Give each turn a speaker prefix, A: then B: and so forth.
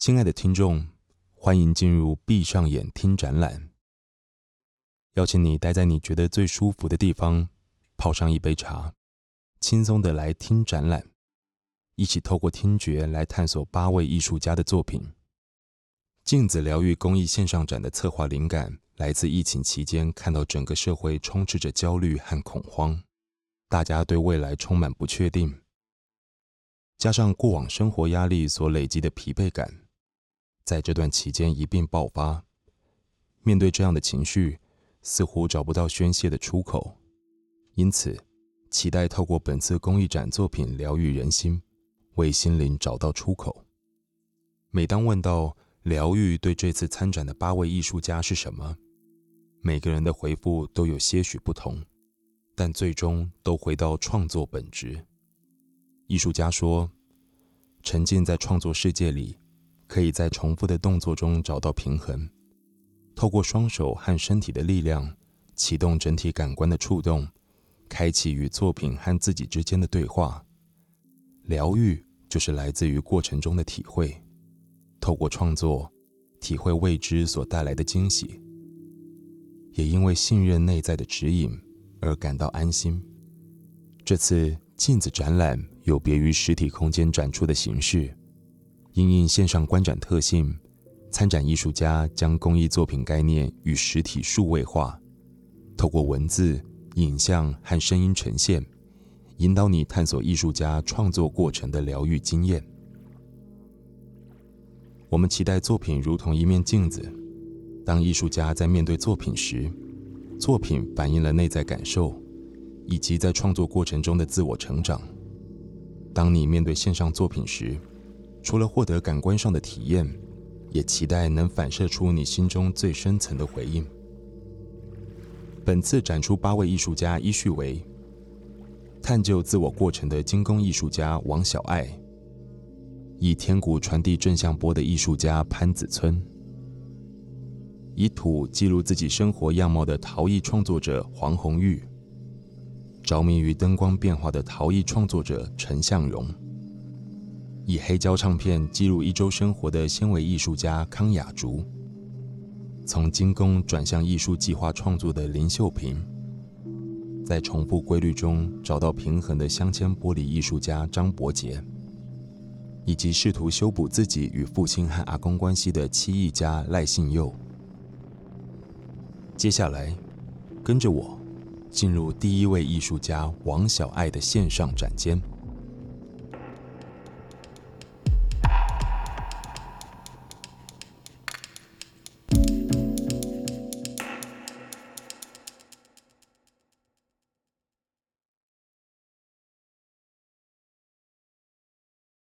A: 親愛的聽眾，歡迎進入閉上眼聽展覽。邀請你待在你覺得最舒服的地方，泡上一杯茶，輕鬆的來聽展覽，一起透過聽覺來探索八位藝術家的作品。鏡子療癒工藝線上展的策劃靈感來自疫情期間看到整個社會充斥着焦慮和恐慌，大家對未來充滿不確定，加上過往生活壓力所累積的疲憊感，在這段期間一並爆發。面對這樣的情緒，似乎找不到宣洩的出口，因此期待透過本次工藝展作品療癒人心，為心靈找到出口。每當問到，療癒對這次參展的八位藝術家是什麼？每個人的回復都有些許不同，但最終都回到創作本質。藝術家說：“沉浸在創作世界裡，可以在重複的動作中找到平衡，透過雙手和身體的力量，啟動整體感官的觸動，開啟與作品和自己之間的對話。療癒就是來自於過程中的體會。”透過創作，體會未知所帶來的驚喜，也因為信任內在的指引而感到安心。這次鏡子展覽有別於實體空間展出的形式，因應線上觀展特性，參展藝術家將工藝作品概念與實體數位化，透過文字、影像和聲音呈現，引導你探索藝術家創作過程的療癒經驗。我們期待作品如同一面鏡子，當藝術家在面對作品時，作品反映了內在感受，以及在創作過程中的自我成長。當你面對線上作品時，除了獲得感官上的體驗，也期待能反射出你心中最深層的回應。本次展出八位藝術家，依序為：探究自我過程的金工藝術家王筱璦。以天鼓傳遞正向波的藝術家潘子村，以土記錄自己生活樣貌的陶藝創作者黃虹毓，着迷於燈光變化的陶藝創作者陳向榮，以黑膠唱片記錄一周生活的纖維藝術家康雅築，從金工轉向藝術計劃創作的林秀蘋，在重複規律中找到平衡的鑲嵌玻璃藝術家張博傑。以及試圖修補自己與父親和阿公關係的漆藝家賴信佑。接下來，跟着我進入第一位藝術家王筱璦的線上展間。